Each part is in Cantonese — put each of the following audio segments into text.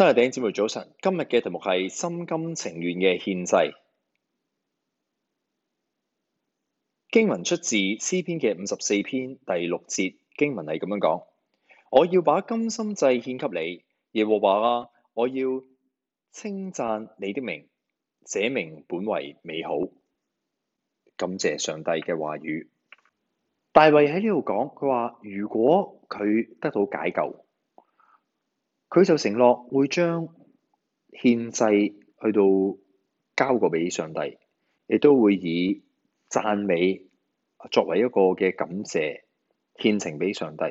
真係頂，姐妹早晨。今日嘅題目係心甘情願嘅獻祭。經文出自詩篇嘅五十四篇第六節，經文係咁樣講： 我要把甘心祭獻給你，耶和華啊！我要稱讚你的名，這名本為美好。感謝上帝嘅話語。大衛喺呢度講，佢話如果佢得到解救。佢就承諾會將獻祭去到交過俾上帝，亦都會以讚美作為一個嘅感謝獻呈俾上帝。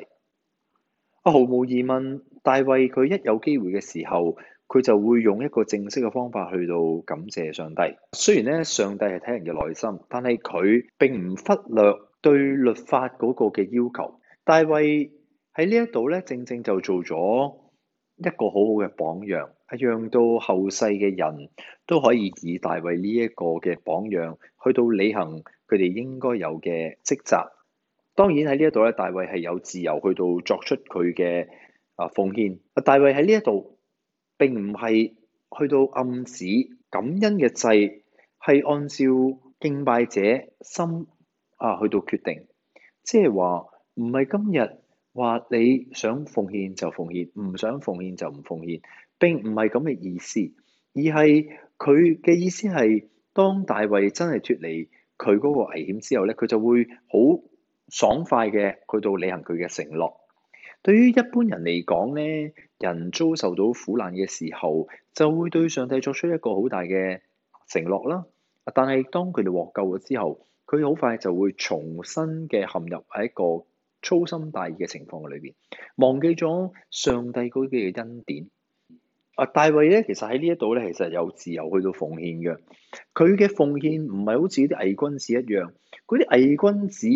啊，毫無疑問，大衛佢一有機會嘅時候，佢就會用一個正式嘅方法去到感謝上帝。雖然咧，上帝係睇人嘅內心，但係佢並唔忽略對律法嗰個嘅要求。大衛喺呢一度咧，正正就做咗。一個好好嘅榜樣，係讓到後世嘅人都可以以大衛呢一個嘅榜樣去到履行佢哋應該有嘅職責。當然喺呢一度咧，大衛係有自由去到作出佢嘅啊奉獻。啊，大衛喺呢一度並唔係去到暗指感恩嘅祭係按照敬拜者心啊去到決定，即係話唔係今日。話你想奉獻就奉獻，唔想奉獻就唔奉獻，並唔係咁嘅意思，而係佢嘅意思係，當大衛真係脫離佢嗰個危險之後咧，佢就會好爽快嘅去到履行佢嘅承諾。對於一般人嚟講咧，人遭受到苦難嘅時候，就會對上帝作出一個好大嘅承諾啦。但係當佢哋獲救咗之後，佢好快就會重新嘅陷入喺一個粗心大意嘅情況嘅裏邊，忘記咗上帝嗰啲嘅恩典。啊，大衛咧，其實喺呢一度咧，其實有自由去到奉獻嘅。佢嘅奉獻唔係好似啲偽君子一樣。嗰啲偽君子，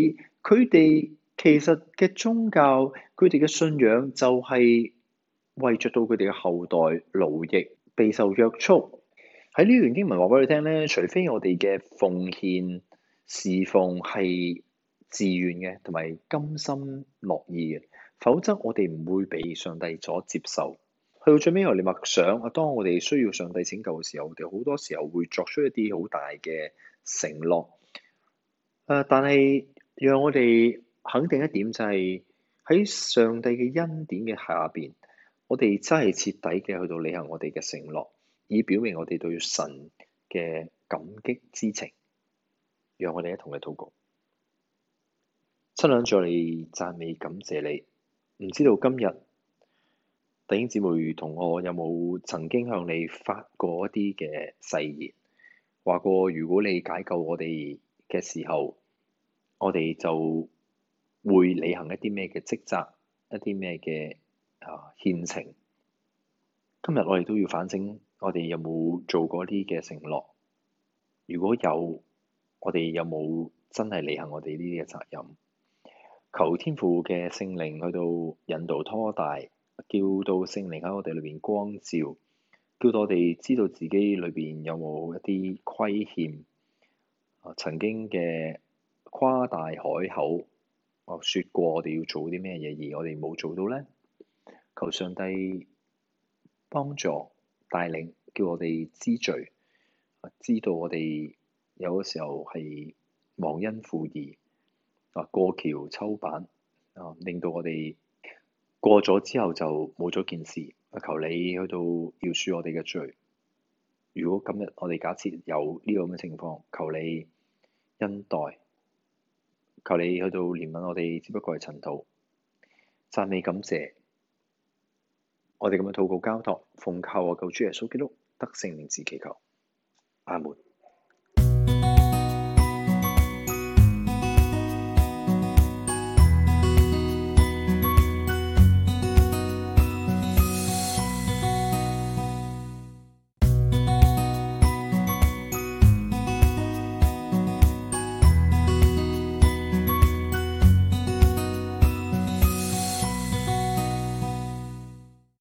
佢哋其實嘅宗教，佢哋嘅信仰就係為着到佢哋嘅後代勞役，備受約束。喺呢段經文話俾你聽咧，除非我哋嘅奉獻，侍奉係。自願嘅，同埋甘心樂意嘅，否則我哋唔會俾上帝所接受。去到最尾，我哋默想啊，當我哋需要上帝拯救嘅時候，我哋好多時候會作出一啲好大嘅承諾。呃，但係讓我哋肯定一點，就是，就係喺上帝嘅恩典嘅下邊，我哋真係徹底嘅去到履行我哋嘅承諾，以表明我哋對神嘅感激之情。讓我哋一同嚟禱告。親兩在你，讚美感謝你，唔知道今日弟兄姊妹同我有冇曾經向你發過一啲嘅誓言，話過如果你解救我哋嘅時候，我哋就會履行一啲咩嘅職責，一啲咩嘅啊獻情。今日我哋都要反省，我哋有冇做過呢啲嘅承諾？如果有，我哋有冇真係履行我哋呢啲嘅責任？求天父嘅聖靈去到引導拖大，叫到聖靈喺我哋裏邊光照，叫到我哋知道自己裏邊有冇一啲虧欠，曾經嘅誇大海口，我説過我哋要做啲咩嘢，而我哋冇做到咧，求上帝幫助帶領，叫我哋知罪，知道我哋有嘅時候係忘恩負義。啊，過橋抽板啊，令到我哋過咗之後就冇咗件事。啊，求你去到饒恕我哋嘅罪。如果今日我哋假設有呢個咁嘅情況，求你恩待。求你去到憐憫我哋，只不過係塵土。讚美感謝，我哋咁樣禱告交託，奉靠我救主耶穌基督得勝名字祈求。阿門。